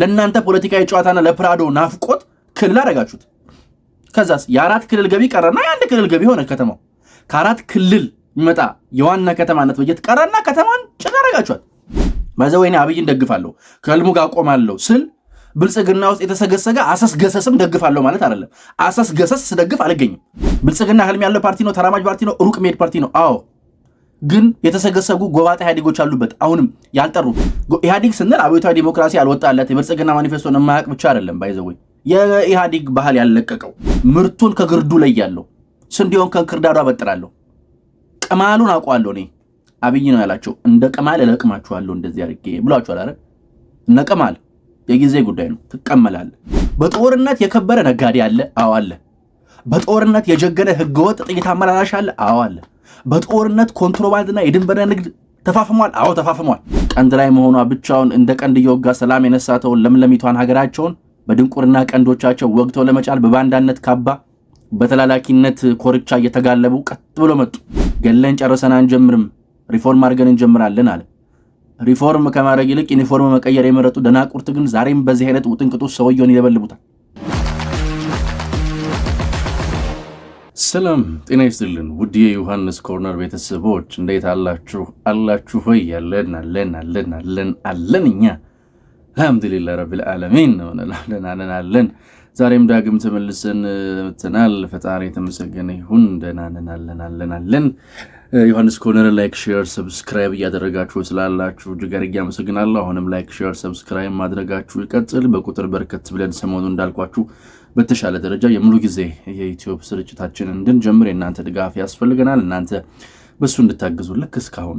ለእናንተ ፖለቲካዊ ጨዋታና ለፕራዶ ናፍቆት ክልል አደረጋችሁት። ከዛስ የአራት ክልል ገቢ ቀረና የአንድ ክልል ገቢ ሆነ። ከተማው ከአራት ክልል የሚመጣ የዋና ከተማነት በጀት ቀረና ከተማን ጭር አደረጋችኋት። በዛ ወይኔ አብይን ደግፋለሁ ከህልሙ ጋር ቆማለሁ ስል ብልጽግና ውስጥ የተሰገሰገ አሰስ ገሰስም ደግፋለሁ ማለት አይደለም። አሰስ ገሰስ ስደግፍ አልገኝም። ብልጽግና ህልም ያለው ፓርቲ ነው፣ ተራማጅ ፓርቲ ነው፣ ሩቅ መሄድ ፓርቲ ነው። አዎ ግን የተሰገሰጉ ጎባጣ ኢህአዴጎች አሉበት። አሁንም ያልጠሩ ኢህአዴግ ስንል አብዮታዊ ዲሞክራሲ ያልወጣለት የብልጽግና ማኒፌስቶን የማያውቅ ብቻ አይደለም። ባይዘወይ የኢህአዴግ ባህል ያልለቀቀው ምርቱን ከግርዱ ላይ ያለው ስንዴውን ከእንክርዳዱ አበጥራለሁ፣ ቅማሉን አውቀዋለሁ እኔ አብይ ነው ያላቸው። እንደ ቅማል እለቅማችኋለሁ እንደዚህ አድርጌ ብሏቸዋል። አረ እነ ቅማል የጊዜ ጉዳይ ነው፣ ትቀመላለ። በጦርነት የከበረ ነጋዴ አለ? አዋለ። በጦርነት የጀገነ ህገወጥ ጥይት አመላላሽ አለ? አዋለ። በጦርነት ኮንትሮባንድና የድንበር ንግድ ተፋፍሟል። አዎ ተፋፍሟል። ቀንድ ላይ መሆኗ ብቻውን እንደ ቀንድ እየወጋ ሰላም የነሳተውን ለምለሚቷን ሀገራቸውን በድንቁርና ቀንዶቻቸው ወግተው ለመጫል በባንዳነት ካባ በተላላኪነት ኮርቻ እየተጋለቡ ቀጥ ብሎ መጡ። ገለን ጨርሰን አንጀምርም፣ ሪፎርም አድርገን እንጀምራለን አለ። ሪፎርም ከማድረግ ይልቅ ዩኒፎርም መቀየር የመረጡ ደናቁርት ግን ዛሬም በዚህ አይነት ውጥንቅጡ ሰውየውን ይለበልቡታል። ሰላም ጤና ይስጥልን ውድ የዮሐንስ ኮርነር ቤተሰቦች እንዴት አላችሁ? አላችሁ ሆይ? ያለን አለን አለን አለን አለን እኛ አልሐምዱሊላህ ረቢል ዓለሚን አለን አለን አለን። ዛሬም ዳግም ተመልሰን መጥተናል። ፈጣሪ የተመሰገነ ይሁን። ደህና ነን አለን አለን አለን። ዮሐንስ ኮርነር ላይክ፣ ሼር፣ ሰብስክራይብ እያደረጋችሁ ስላላችሁ እጅግ አድርጌ አሁንም ላይክ፣ ሼር፣ ሰብስክራይብ ማድረጋችሁ ይቀጥል። በቁጥር በርከት ብለን ሰሞኑ እንዳልኳችሁ በተሻለ ደረጃ የሙሉ ጊዜ የዩትዩብ ስርጭታችን እንድንጀምር የእናንተ ድጋፍ ያስፈልገናል። እናንተ በሱ እንድታግዙ ልክ እስካሁኑ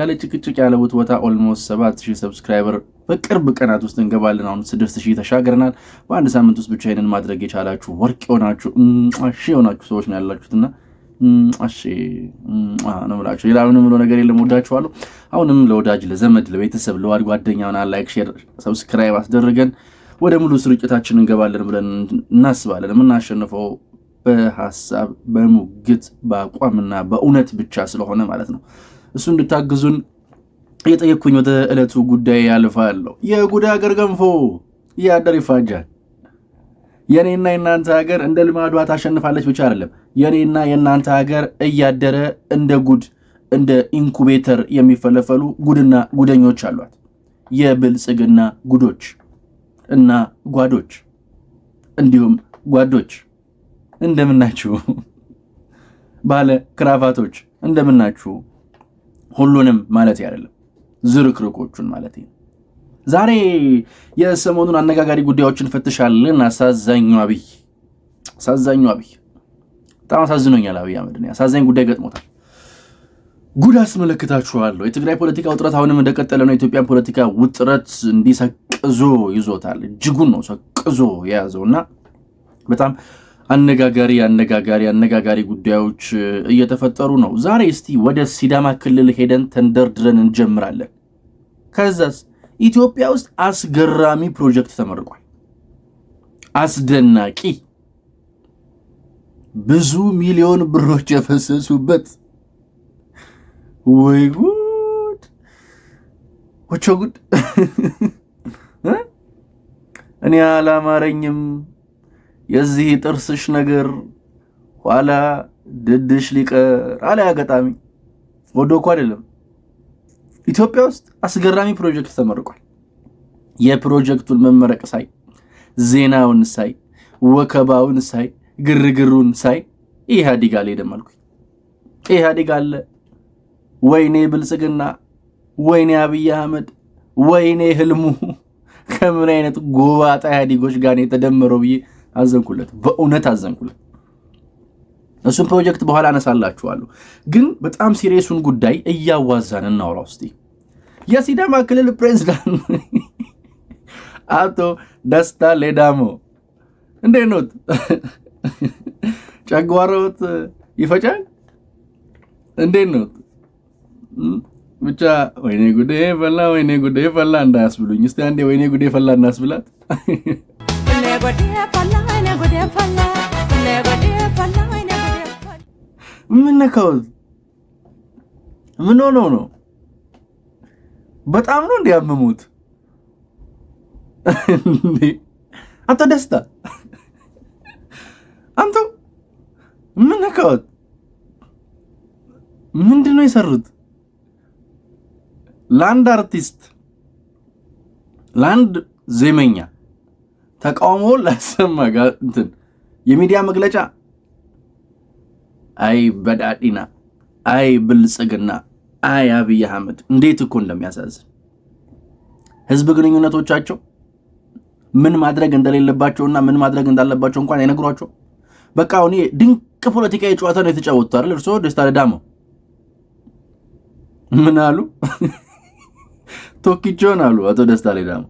ያለ ጭቅጭቅ ያለ ውትወታ ኦልሞስት ሰባት ሺህ ሰብስክራይበር በቅርብ ቀናት ውስጥ እንገባለን። አሁን ስድስት ሺህ ተሻገርናል። በአንድ ሳምንት ውስጥ ብቻ ይህንን ማድረግ የቻላችሁ ወርቅ የሆናችሁ ሺ የሆናችሁ ሰዎች ነው ያላችሁትና ነው ብላችሁ ሌላ ምንም ነገር የለም። ወዳችኋለሁ። አሁንም ለወዳጅ ለዘመድ ለቤተሰብ ለዋድ ሆና ላይክ፣ ሼር፣ ሰብስክራይብ አስደርገን ወደ ሙሉ ስርጭታችን እንገባለን ብለን እናስባለን። የምናሸንፈው በሀሳብ በሙግት በአቋምና በእውነት ብቻ ስለሆነ ማለት ነው። እሱ እንድታግዙን የጠየኩኝ ወደ ዕለቱ ጉዳይ ያልፋለሁ። የጉዳይ ሀገር ገንፎ ያደር ይፋጃል። የእኔና የእናንተ ሀገር እንደ ልማዷ ታሸንፋለች ብቻ አይደለም። የእኔና የእናንተ ሀገር እያደረ እንደ ጉድ እንደ ኢንኩቤተር የሚፈለፈሉ ጉድና ጉደኞች አሏት። የብልጽግና ጉዶች እና ጓዶች እንዲሁም ጓዶች እንደምናችሁ፣ ባለ ክራቫቶች እንደምናችሁ፣ ሁሉንም ማለት አይደለም ዝርክርቆቹን ማለት ዛሬ የሰሞኑን አነጋጋሪ ጉዳዮችን ፈትሻለን። አሳዛኙ አብይ አሳዛኙ አብይ በጣም አሳዝኖኛል። አብይ አህመድን አሳዛኝ ጉዳይ ገጥሞታል። ጉድ አስመለክታችኋለሁ። የትግራይ ፖለቲካ ውጥረት አሁንም እንደቀጠለ ነው። የኢትዮጵያን ፖለቲካ ውጥረት እንዲሰቅዞ ይዞታል። እጅጉን ነው ሰቅዞ የያዘው እና በጣም አነጋጋሪ አነጋጋሪ አነጋጋሪ ጉዳዮች እየተፈጠሩ ነው። ዛሬ እስቲ ወደ ሲዳማ ክልል ሄደን ተንደርድረን እንጀምራለን። ከዛስ ኢትዮጵያ ውስጥ አስገራሚ ፕሮጀክት ተመርቋል። አስደናቂ ብዙ ሚሊዮን ብሮች የፈሰሱበት ወይ ጉድ ወቾ ጉድ! እኔ አላማረኝም የዚህ ጥርስሽ ነገር ኋላ ድድሽ ሊቀር አለ አጋጣሚ ወዶ እኮ አይደለም። ኢትዮጵያ ውስጥ አስገራሚ ፕሮጀክት ተመርቋል። የፕሮጀክቱን መመረቅ ሳይ፣ ዜናውን ሳይ፣ ወከባውን ሳይ፣ ግርግሩን ሳይ ኢህአዴግ አልሄደም አልኩኝ። ኢህአዴግ አለ ወይኔ ብልጽግና፣ ወይኔ አብይ አህመድ፣ ወይኔ ህልሙ ከምን አይነት ጎባጣ ኢህአዴጎች ጋር የተደመረው ብዬ አዘንኩለት። በእውነት አዘንኩለት። እሱን ፕሮጀክት በኋላ አነሳላችኋለሁ። ግን በጣም ሲሪየሱን ጉዳይ እያዋዛን እናውራ ውስጥ የሲዳማ ክልል ፕሬዚዳንት አቶ ደስታ ሌዳሞ እንዴት ኖት? ጨጓሮት ይፈጫል? እንዴት ኖት? ብቻ ወይኔ ጉዴ ፈላ፣ ወይኔ ጉዴ ፈላ እንዳያስብሉኝ። እስቲ አንዴ ወይኔ ጉዴ ፈላ እናስብላት። ምን ነካው? ምን ሆነው ነው? በጣም ነው እንዲያመሙት አቶ ደስታ አንተ ምን ነካዎት? ምንድን ነው የሰሩት? ለአንድ አርቲስት ለአንድ ዜመኛ ተቃውሞ ላሰማ እንትን የሚዲያ መግለጫ አይ በዳዲና አይ ብልጽግና አይ አብይ አህመድ እንዴት እኮ እንደሚያሳዝን ህዝብ ግንኙነቶቻቸው ምን ማድረግ እንደሌለባቸውና ምን ማድረግ እንዳለባቸው እንኳን አይነግሯቸው። በቃ አሁን ድንቅ ፖለቲካዊ ጨዋታ ነው የተጫወቱት አይደል? እርስዎ ደስታ ደዳመው ምን አሉ? ቶኪጆን አሉ አቶ ደስታ ሌዳሞ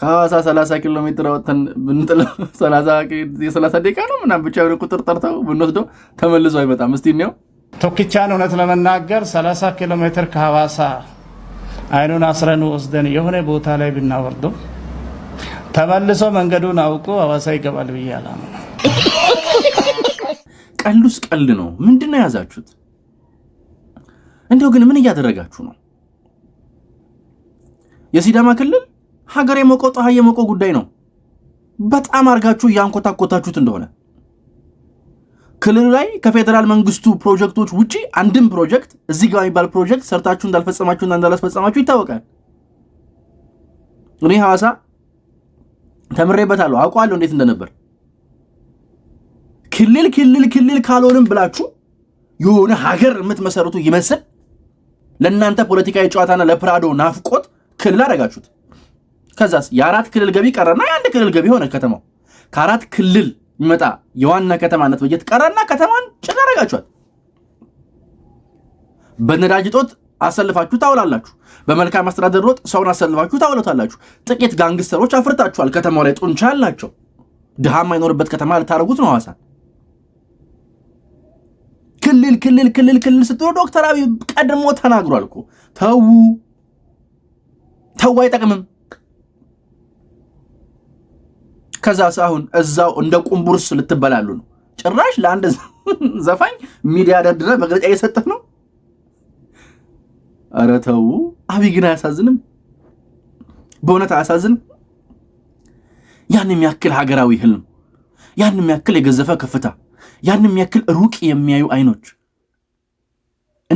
ከሐዋሳ 30 ኪሎ ሜትር ወጥተን ብንጥለው የ30 ደቂቃ ነው ምናምን ብቻ የሆነ ቁጥር ጠርተው ብንወስደው ተመልሶ አይመጣም። እስቲ እኒው ቶኪቻን እውነት ለመናገር 30 ኪሎ ሜትር ከሐዋሳ አይኑን አስረን ወስደን የሆነ ቦታ ላይ ብናወርደው ተመልሶ መንገዱን አውቆ ሐዋሳ ይገባል ብዬ አላምነው። ቀልዱስ ቀልድ ነው። ምንድን ነው የያዛችሁት? እንደው ግን ምን እያደረጋችሁ ነው? የሲዳማ ክልል ሀገር የሞቀው ፀሐይ የሞቀው ጉዳይ ነው። በጣም አርጋችሁ እያንኮታኮታችሁት እንደሆነ ክልሉ ላይ ከፌዴራል መንግስቱ ፕሮጀክቶች ውጪ አንድም ፕሮጀክት እዚህ ጋር የሚባል ፕሮጀክት ሰርታችሁ እንዳልፈጸማችሁና እንዳላስፈጸማችሁ ይታወቃል። እኔ ሐዋሳ ተምሬበታለሁ፣ አውቀዋለሁ እንዴት እንደነበር። ክልል ክልል ክልል ካልሆንም ብላችሁ የሆነ ሀገር የምትመሰርቱ ይመስል ለእናንተ ፖለቲካዊ ጨዋታና ለፕራዶ ናፍቆት ክልል አደረጋችሁት። ከዛስ የአራት ክልል ገቢ ቀረና የአንድ ክልል ገቢ ሆነ ከተማው። ከአራት ክልል የሚመጣ የዋና ከተማነት በጀት ቀረና ከተማን ጭል አደረጋችኋት። በነዳጅ አሰልፋችሁ ታውላላችሁ። በመልካም አስተዳደር ሮጥ ሰውን አሰልፋችሁ ታውለታላችሁ። ጥቂት ጋንግስተሮች አፍርታችኋል። ከተማው ላይ ጡንቻ አላቸው። ድሃ የማይኖርበት ከተማ ልታደርጉት ነው ሐዋሳን። ክልል ክልል ክልል ክልል ስትሉ ዶክተር አብይ ቀድሞ ተናግሯል እኮ ተዉ ተው አይጠቅምም። ከዛስ አሁን እዛው እንደ ቁምቡርስ ልትበላሉ ነው። ጭራሽ ለአንድ ዘፋኝ ሚዲያ ደርድረ መግለጫ እየሰጠህ ነው። ኧረ ተው። አብይ ግን አያሳዝንም? በእውነት አያሳዝንም? ያን የሚያክል ሀገራዊ ህልም፣ ያን የሚያክል የገዘፈ ከፍታ፣ ያን የሚያክል ሩቅ የሚያዩ አይኖች፣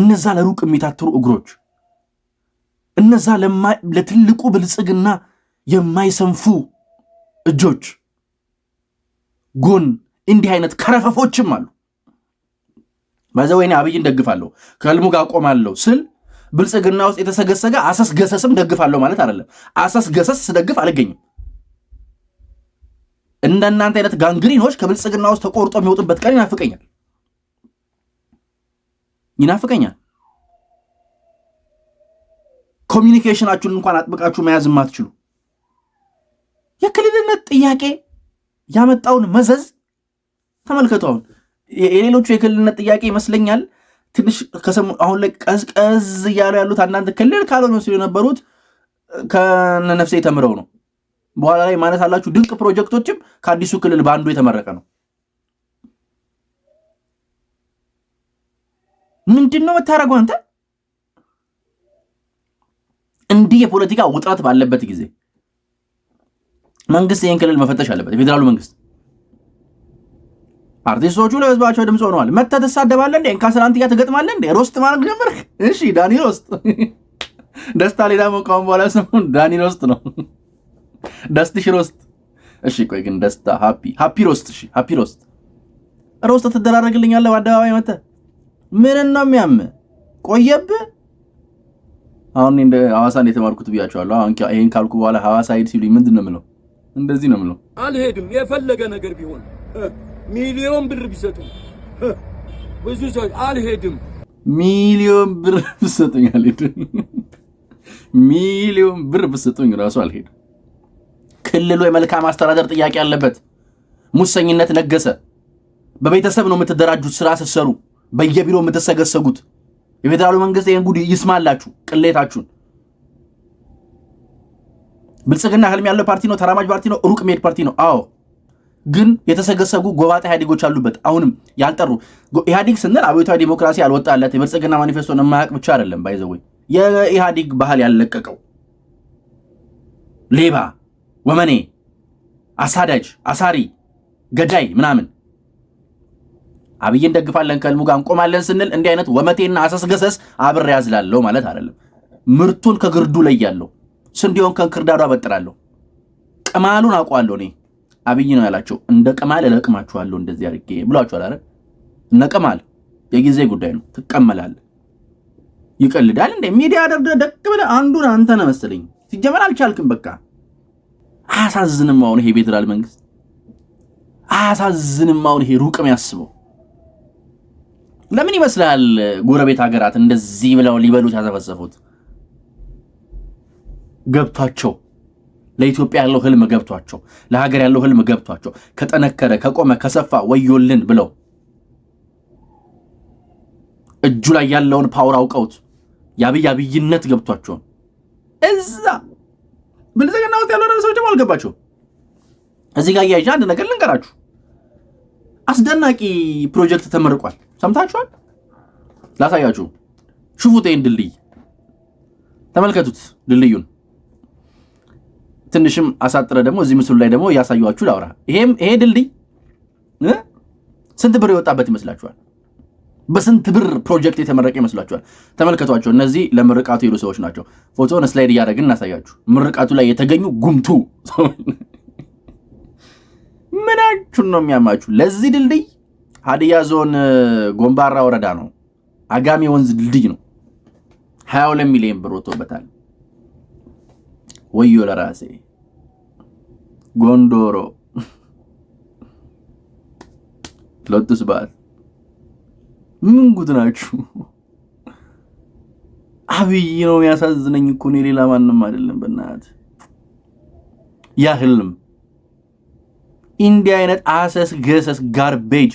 እነዛ ለሩቅ የሚታትሩ እግሮች እነዛ ለትልቁ ብልጽግና የማይሰንፉ እጆች ጎን እንዲህ አይነት ከረፈፎችም አሉ። በዛ ወይኔ አብይን ደግፋለሁ ከልሙ ጋር ቆማለሁ ስል ብልጽግና ውስጥ የተሰገሰገ አሰስ ገሰስም ደግፋለሁ ማለት አይደለም። አሰስ ገሰስ ስደግፍ አልገኝም። እንደናንተ አይነት ጋንግሪኖች ከብልጽግና ውስጥ ተቆርጦ የሚወጡበት ቀን ይናፍቀኛል ይናፍቀኛል። ኮሚኒኬሽናችሁን እንኳን አጥብቃችሁ መያዝ የማትችሉ የክልልነት ጥያቄ ያመጣውን መዘዝ ተመልከቱ። አሁን የሌሎቹ የክልልነት ጥያቄ ይመስለኛል ትንሽ አሁን ላይ ቀዝቀዝ እያሉ ያሉት አንዳንድ ክልል ካልሆነ ሲሉ የነበሩት ከነነፍሴ ተምረው ነው። በኋላ ላይ ማለት አላችሁ ድንቅ ፕሮጀክቶችም ከአዲሱ ክልል በአንዱ የተመረቀ ነው። ምንድን ነው አንተ እንዲህ የፖለቲካ ውጥረት ባለበት ጊዜ መንግስት ይህን ክልል መፈተሽ አለበት። የፌዴራሉ መንግስት አርቲስቶቹ ለህዝባቸው ድምፅ ሆነዋል። መተህ ትሳደባለ እንዴ? ከአስራአንት ጋር ትገጥማለ እንዴ? ሮስት ማድረግ ጀመርክ? እሺ ዳኒ ሮስት ደስታ ሌላ መቃወም በኋላ ስሙን ዳኒ ሮስት ነው። ደስትሽ ሮስት። እሺ ቆይ ግን ደስታ ሃፒ ሃፒ ሮስት። እሺ ሃፒ ሮስት ሮስት ትደራረግልኛለህ በአደባባይ መተ ምን ነው የሚያም ቆየብህ አሁን እንደ ሐዋሳ እንደተማርኩት ብያቸዋለሁ። አሁን ይሄን ካልኩ በኋላ ሐዋሳ ሄድ ሲሉኝ ምንድን ነው የምለው? እንደዚህ ነው የምለው፣ አልሄድም። የፈለገ ነገር ቢሆን ሚሊዮን ብር ቢሰጡኝ ብዙ ሰው አልሄድም። ሚሊዮን ብር ብሰጡኝ አልሄድም። ሚሊዮን ብር ብሰጡኝ ራሱ አልሄድም። ክልሉ የመልካም አስተዳደር ጥያቄ አለበት። ሙሰኝነት ነገሰ። በቤተሰብ ነው የምትደራጁት፣ ስራ ስትሰሩ በየቢሮ የምትሰገሰጉት የፌዴራሉ መንግስት ይህን ጉድ ይስማላችሁ፣ ቅሌታችሁን። ብልጽግና ህልም ያለው ፓርቲ ነው፣ ተራማጅ ፓርቲ ነው፣ ሩቅ መሄድ ፓርቲ ነው። አዎ ግን የተሰገሰጉ ጎባጣ ኢህአዴጎች አሉበት። አሁንም ያልጠሩ ኢህአዴግ ስንል አብዮታዊ ዲሞክራሲ ያልወጣለት የብልጽግና ማኒፌስቶን የማያውቅ ብቻ አይደለም። ባይዘወይ የኢህአዴግ ባህል ያልለቀቀው ሌባ፣ ወመኔ፣ አሳዳጅ፣ አሳሪ፣ ገዳይ ምናምን አብይ እንደግፋለን ከህልሙ ጋር እንቆማለን ስንል እንዲህ አይነት ወመቴና አሰስገሰስ አብሬ ያዝላለሁ ማለት አይደለም። ምርቱን ከግርዱ ለያለሁ፣ ስንዴውን ከእንክርዳዱ አበጥራለሁ፣ ቅማሉን አውቀዋለሁ እኔ። አብይ ነው ያላቸው እንደ ቅማል እለቅማችኋለሁ እንደዚህ አድርጌ ብሏችኋል አረ እነ ቅማል የጊዜ ጉዳይ ነው። ትቀመላለህ። ይቀልዳል እንደ ሚዲያ ደርደ ደቅ ብለህ አንዱን አንተ ነህ መሰለኝ። ሲጀመር አልቻልክም። በቃ አያሳዝንም? አሁን ይሄ ፌዴራል መንግስት አያሳዝንም? አሁን ይሄ ሩቅም ያስበው ለምን ይመስላል ጎረቤት ሀገራት እንደዚህ ብለው ሊበሉት ያዘፈዘፉት? ገብቷቸው ለኢትዮጵያ ያለው ህልም ገብቷቸው ለሀገር ያለው ህልም ገብቷቸው ከጠነከረ ከቆመ ከሰፋ ወዮልን ብለው እጁ ላይ ያለውን ፓወር አውቀውት የአብይ አብይነት ገብቷቸውን እዛ ብልጽግና ውስጥ ያለው ሰዎች ደግሞ አልገባቸው። እዚህ ጋር እያይዣ አንድ ነገር ልንገራችሁ። አስደናቂ ፕሮጀክት ተመርቋል። ሰምታችኋል። ላሳያችሁ። ሽፉት ይህን ድልድይ ተመልከቱት። ድልድዩን ትንሽም አሳጥረ ደግሞ እዚህ ምስሉ ላይ ደግሞ እያሳዩችሁ ላውራ። ይሄም ይሄ ድልድይ ስንት ብር የወጣበት ይመስላችኋል? በስንት ብር ፕሮጀክት የተመረቀ ይመስላችኋል? ተመልከቷቸው። እነዚህ ለምርቃቱ የሄዱ ሰዎች ናቸው። ፎቶን ስላይድ እያደረግን እናሳያችሁ። ምርቃቱ ላይ የተገኙ ጉምቱ ምናችሁን ነው የሚያማችሁ? ለዚህ ድልድይ ሀዲያ ዞን ጎንባራ ወረዳ ነው። አጋሚ ወንዝ ድልድይ ነው። 22 ሚሊዮን ብር ወጥቶበታል። ወዮ ለራሴ ጎንዶሮ ለጥስ ስብዓት ምን ጉድ ናችሁ? አብይ ነው የሚያሳዝነኝ እኮ እኔ ሌላ ማንም አይደለም። በእናት ያህልም እንዲህ አይነት አሰስ ገሰስ ጋርቤጅ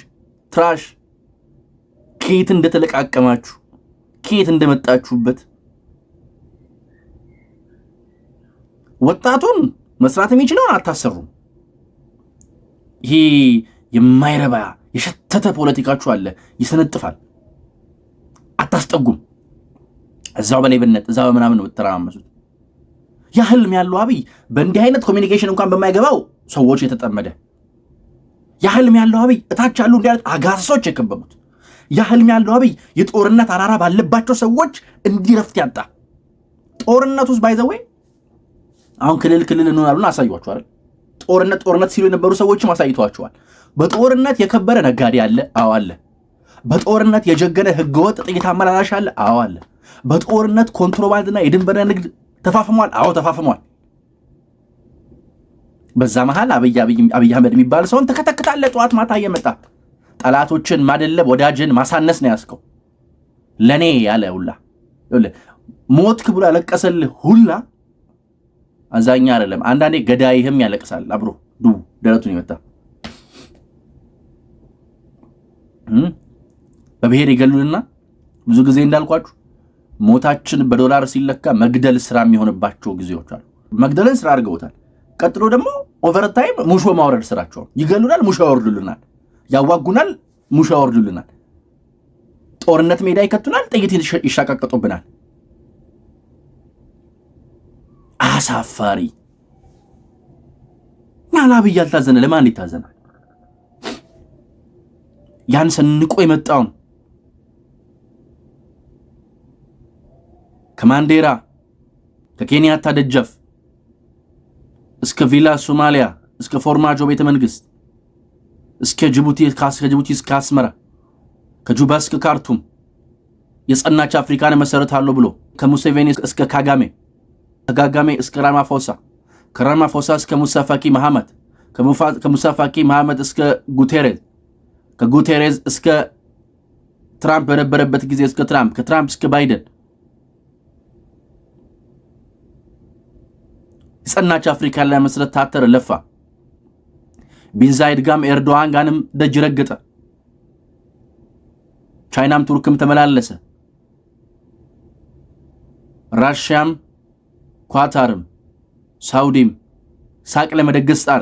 ትራሽ ከየት እንደተለቃቀማችሁ ከየት እንደመጣችሁበት ወጣቱን መስራት የሚችለውን አታሰሩም። ይሄ የማይረባ የሸተተ ፖለቲካችሁ አለ፣ ይሰነጥፋል። አታስጠጉም። እዛው በሌብነት እዛው በምናምን ተራመሱት። ያ ህልም ያለው አብይ በእንዲህ አይነት ኮሚኒኬሽን እንኳን በማይገባው ሰዎች የተጠመደ የህልም ያለው አብይ እታች ያሉ እንዲህ አይነት አጋሶች የከበቡት የህልም ያለው አብይ የጦርነት አራራ ባለባቸው ሰዎች እንዲረፍት ያጣ ጦርነት ውስጥ ባይዘወይ አሁን ክልል ክልል እንሆናሉና አሳዩቸዋል። ጦርነት ጦርነት ሲሉ የነበሩ ሰዎችም አሳይተዋቸዋል። በጦርነት የከበረ ነጋዴ አለ፣ አዎ አለ። በጦርነት የጀገነ ህገወጥ ጥቂት አመላላሽ አለ፣ አዎ አለ። በጦርነት ኮንትሮባንድና የድንበር ንግድ ተፋፍሟል፣ አዎ ተፋፍሟል። በዛ መሃል አብይ አህመድ የሚባል ሰውን ትከተክታለህ ጠዋት ማታ እየመጣ ጠላቶችን ማደለብ ወዳጅን ማሳነስ ነው ያስከው ለእኔ ያለ ሁላ ሞትክ ብሎ ያለቀሰልህ ሁላ አዛኛ አይደለም። አንዳንዴ ገዳይህም ያለቅሳል አብሮ ዱ ደረቱን ይመታ በብሔር ይገሉንና ብዙ ጊዜ እንዳልኳችሁ ሞታችን በዶላር ሲለካ መግደል ስራ የሚሆንባቸው ጊዜዎች አሉ። መግደልን ስራ አድርገውታል። ቀጥሎ ደግሞ ኦቨርታይም ሙሾ ማውረድ ስራቸው። ይገሉናል፣ ሙሾ ያወርዱልናል። ያዋጉናል፣ ሙሾ ያወርዱልናል። ጦርነት ሜዳ ይከቱናል፣ ጥይት ይሻቃቅጡብናል። አሳፋሪ አብይ ያልታዘነ ለማን ይታዘናል? ያን ሰንቆ የመጣውን ከማንዴራ ከኬንያታ ደጀፍ እስከ ቪላ ሶማሊያ እስከ ፎርማጆ ቤተ መንግስት እስከ ጅቡቲ ጅቡቲ እስከ አስመራ ከጁባ እስከ ካርቱም የጸናች አፍሪካን እመሰርታለሁ ብሎ ከሙሴቬኒ እስከ ካጋሜ ከጋጋሜ እስከ ራማፎሳ ከራማፎሳ እስከ ሙሳፋኪ መሐመድ ከሙሳፋኪ መሐመድ እስከ ጉቴሬዝ ከጉቴሬዝ እስከ ትራምፕ በነበረበት ጊዜ እስከ ትራምፕ ከትራምፕ እስከ ባይደን የጸናች አፍሪካን ለመስረት ታተረ፣ ለፋ። ቢንዛይድ ጋም ኤርዶዋን ጋንም ደጅ ረገጠ። ቻይናም ቱርክም ተመላለሰ። ራሽያም ኳታርም ሳውዲም ሳቅ ለመደገስ ጣረ።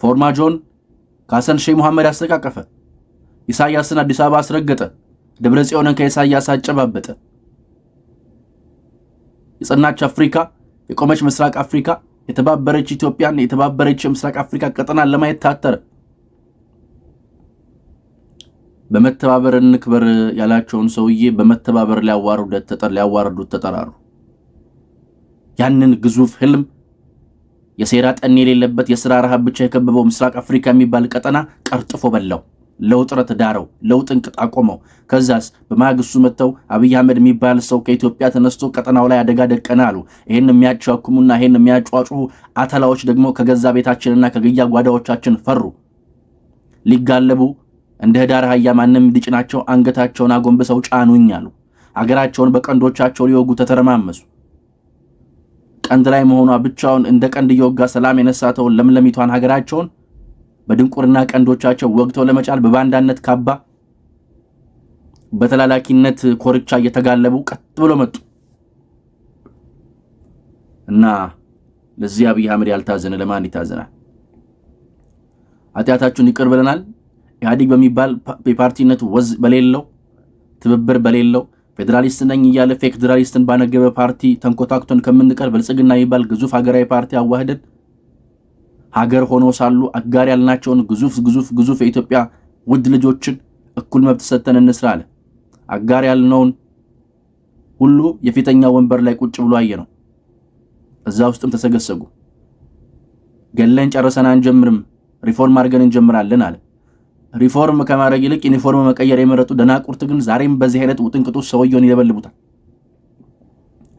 ፎርማጆን ካሰን ሼህ መሐመድ አስተቃቀፈ። ኢሳያስን አዲስ አበባ አስረገጠ። ደብረ ጽዮንን ከኢሳያስ አጨባበጠ። የጸናች አፍሪካ፣ የቆመች ምስራቅ አፍሪካ፣ የተባበረች ኢትዮጵያን፣ የተባበረች የምስራቅ አፍሪካ ቀጠናን ለማየት ታተረ። በመተባበር እንክበር ያላቸውን ሰውዬ በመተባበር ሊያዋርዱት ተጠራሩ። ያንን ግዙፍ ህልም የሴራ ጠኔ የሌለበት የስራ ረሃብ ብቻ የከበበው ምስራቅ አፍሪካ የሚባል ቀጠና ቀርጥፎ በላው። ለውጥረት ዳረው፣ ለውጥ እንቅጥ አቆመው። ከዛስ በማግስቱ መጥተው አብይ አህመድ የሚባል ሰው ከኢትዮጵያ ተነስቶ ቀጠናው ላይ አደጋ ደቀነ አሉ። ይህን የሚያቻኩሙና ይህን የሚያጫጩ አተላዎች ደግሞ ከገዛ ቤታችንና ከገያ ጓዳዎቻችን ፈሩ። ሊጋለቡ እንደ ህዳር አህያ ማንም ሊጭናቸው አንገታቸውን አጎንብሰው ጫኑኝ አሉ። አገራቸውን በቀንዶቻቸው ሊወጉ ተተረማመሱ። ቀንድ ላይ መሆኗ ብቻውን እንደ ቀንድ እየወጋ ሰላም የነሳተውን ለምለሚቷን ሀገራቸውን በድንቁርና ቀንዶቻቸው ወግተው ለመጫል በባንዳነት ካባ በተላላኪነት ኮርቻ እየተጋለቡ ቀጥ ብሎ መጡ እና ለዚህ አብይ አህመድ ያልታዘነ ለማን ይታዘናል? ኃጢአታችሁን ይቅር ብለናል። ኢህአዴግ በሚባል የፓርቲነት ወዝ በሌለው ትብብር በሌለው ፌዴራሊስት ነኝ እያለ ፌክ ፌዴራሊስትን ባነገበ ፓርቲ ተንኮታክቶን ከምንቀር ብልጽግና የሚባል ግዙፍ ሀገራዊ ፓርቲ አዋህደን አገር ሆነው ሳሉ አጋር ያልናቸውን ግዙፍ ግዙፍ ግዙፍ የኢትዮጵያ ውድ ልጆችን እኩል መብት ሰጥተን እንስራ አለ። አጋር ያልነውን ሁሉ የፊተኛ ወንበር ላይ ቁጭ ብሎ አየ ነው። እዛ ውስጥም ተሰገሰጉ። ገለን ጨርሰን አንጀምርም፣ ሪፎርም አድርገን እንጀምራለን አለ። ሪፎርም ከማድረግ ይልቅ ዩኒፎርም መቀየር የመረጡ ደናቁርት ግን ዛሬም በዚህ አይነት ውጥንቅጡ ሰውየውን ይለበልቡታል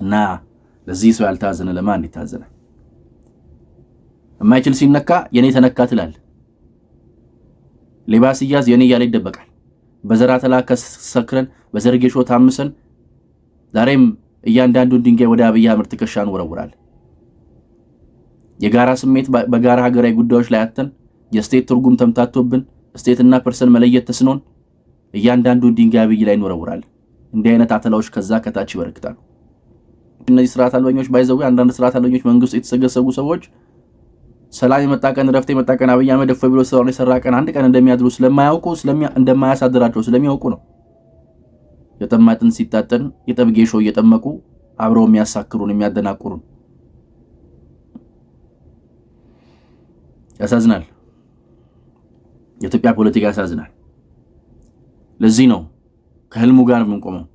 እና ለዚህ ሰው ያልታዘነ ለማን ይታዘናል? የማይችል ሲነካ የኔ ተነካ ትላል። ሌባ ሲያዝ የኔ እያለ ይደበቃል። ተላከ ሰክረን በዘርጌሾ ታምሰን ዛሬም እያንዳንዱን ድንጋይ ወደ አብይ አህመድ ትከሻ እንወረውራል። የጋራ ስሜት በጋራ ሀገራዊ ጉዳዮች ላይ አተን የስቴት ትርጉም ተምታቶብን ስቴትና ፐርሰን መለየት ተስኖን እያንዳንዱን ድንጋይ አብይ ላይ እንወረውራል። እንዲህ አይነት አተላዎች ከዛ ከታች ይበረክታሉ። እነዚህ ስርዓት አልበኞች ባይዘዊ አንዳንድ ስርዓት አልበኞች መንግስት የተሰገሰጉ ሰዎች ሰላም የመጣ ቀን ረፍት የመጣ ቀን አብይ አህመድ እፎይ ብሎ ስራውን የሰራ ቀን አንድ ቀን እንደሚያድሩ ስለማያውቁ እንደማያሳድራቸው ስለሚያውቁ ነው። የጠማጥን ሲታጠን የጠብ ጌሾ እየጠመቁ አብረው የሚያሳክሩን የሚያደናቁሩን። ያሳዝናል። የኢትዮጵያ ፖለቲካ ያሳዝናል። ለዚህ ነው ከህልሙ ጋር የምንቆመው።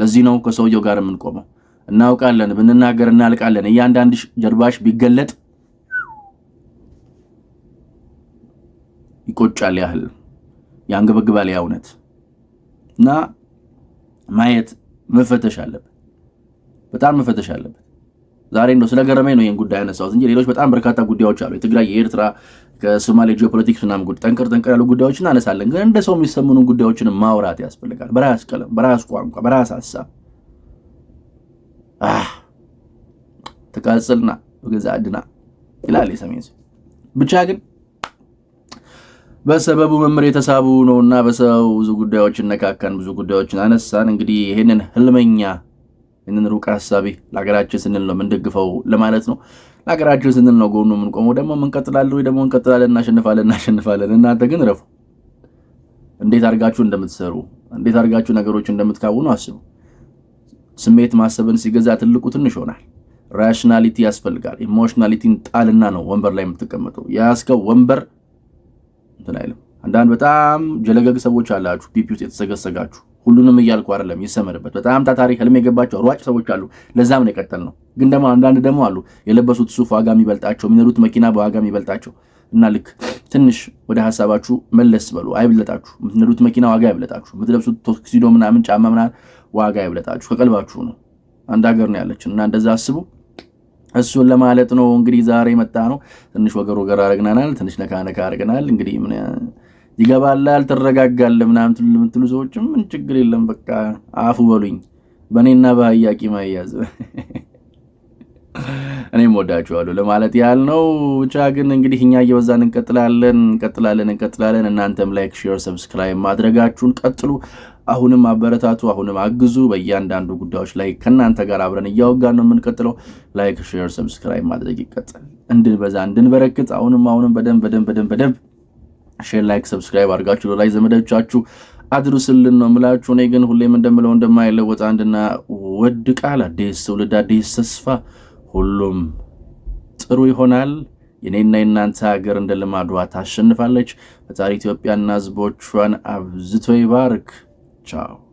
ለዚህ ነው ከሰውየው ጋር የምንቆመው። እናውቃለን፣ ብንናገር እናልቃለን። እያንዳንድ ጀርባሽ ቢገለጥ ይቆጫል ያህል ያንገበግባል ያ እውነት እና ማየት መፈተሽ አለበት፣ በጣም መፈተሽ አለበት። ዛሬ እንደው ስለገረመኝ ነው ይህን ጉዳይ ያነሳሁት እንጂ ሌሎች በጣም በርካታ ጉዳዮች አሉ። የትግራይ፣ የኤርትራ፣ ከሶማሌ ጂኦፖለቲክስ ምናምን ጉዳይ ጠንቀር ጠንቀር ያሉ ጉዳዮች አነሳለን። ግን እንደ ሰው የሚሰምኑ ጉዳዮችን ማውራት ያስፈልጋል፣ በራስ ቀለም፣ በራስ ቋንቋ፣ በራስ ሀሳብ ተቃጽልና ገዛ ዕድና ይላል የሰሜን ሰው ብቻ ግን በሰበቡ መምህር የተሳቡ ነውና በሰበቡ ብዙ ጉዳዮች እነካካን፣ ብዙ ጉዳዮችን አነሳን። እንግዲህ ይህንን ህልመኛ ይህንን ሩቅ ሀሳቢ ለሀገራችን ስንል ነው የምንደግፈው ለማለት ነው። ለሀገራችን ስንል ነው ጎኑ የምንቆመው። ደግሞ እንቀጥላለን ወይ ደግሞ እንቀጥላለን፣ እናሸንፋለን፣ እናሸንፋለን። እናንተ ግን ረፉ። እንዴት አድርጋችሁ እንደምትሰሩ እንዴት አድርጋችሁ ነገሮች እንደምትካውኑ አስቡ። ስሜት ማሰብን ሲገዛ ትልቁ ትንሽ ይሆናል። ራሽናሊቲ ያስፈልጋል። ኢሞሽናሊቲን ጣልና ነው ወንበር ላይ የምትቀመጠው። የያዝከው ወንበር እንትን አይልም። አንዳንድ በጣም ጀለገግ ሰዎች አላችሁ፣ ፒፒ ውስጥ የተሰገሰጋችሁ። ሁሉንም እያልኩ አይደለም፣ ይሰመርበት። በጣም ታታሪ ህልም የገባቸው ሯጭ ሰዎች አሉ። ለዛም ነው የቀጠል ነው። ግን ደግሞ አንዳንድ ደግሞ አሉ የለበሱት ሱፍ ዋጋ የሚበልጣቸው፣ የሚነዱት መኪና በዋጋ የሚበልጣቸው እና ልክ ትንሽ ወደ ሀሳባችሁ መለስ በሉ። አይብለጣችሁ። የምትነዱት መኪና ዋጋ አይብለጣችሁ። የምትለብሱት ቶክሲዶ ምናምን ጫማ ምናምን ዋጋ አይብለጣችሁ። ከቀልባችሁ ነው። አንድ ሀገር ነው ያለችን እና እንደዛ አስቡ። እሱን ለማለት ነው እንግዲህ ዛሬ መጣ ነው። ትንሽ ወገር ወገር አረግናናል፣ ትንሽ ነካ ነካ አርግናል። እንግዲህ ምን ይገባላል፣ ትረጋጋለህ ምናምን የምትሉ ሰዎችም ምን ችግር የለም በቃ አፉ በሉኝ። በእኔና በአያቂ ማያዝ እኔም ወዳችኋለሁ ለማለት ያህል ነው። ብቻ ግን እንግዲህ እኛ እየበዛን እንቀጥላለን እንቀጥላለን እንቀጥላለን። እናንተም ላይክ፣ ሼር፣ ሰብስክራይብ ማድረጋችሁን ቀጥሉ። አሁንም አበረታቱ፣ አሁንም አግዙ። በእያንዳንዱ ጉዳዮች ላይ ከእናንተ ጋር አብረን እያወጋን ነው የምንቀጥለው። ላይክ፣ ሼር፣ ሰብስክራይብ ማድረግ ይቀጥል። እንድንበዛ እንድንበረክት አሁንም አሁንም በደንብ በደንብ በደንብ በደንብ ሼር፣ ላይክ፣ ሰብስክራይብ አድርጋችሁ ላይ ዘመዶቻችሁ አድርስልን ነው የምላችሁ። እኔ ግን ሁሌም እንደምለው እንደማይለወጥ አንድና ውድ ቃል አዲስ ትውልድ አዲስ ተስፋ፣ ሁሉም ጥሩ ይሆናል። የኔና የእናንተ ሀገር እንደ ልማዷ ታሸንፋለች። ፈጣሪ ኢትዮጵያና ሕዝቦቿን አብዝቶ ይባርክ። Ciao.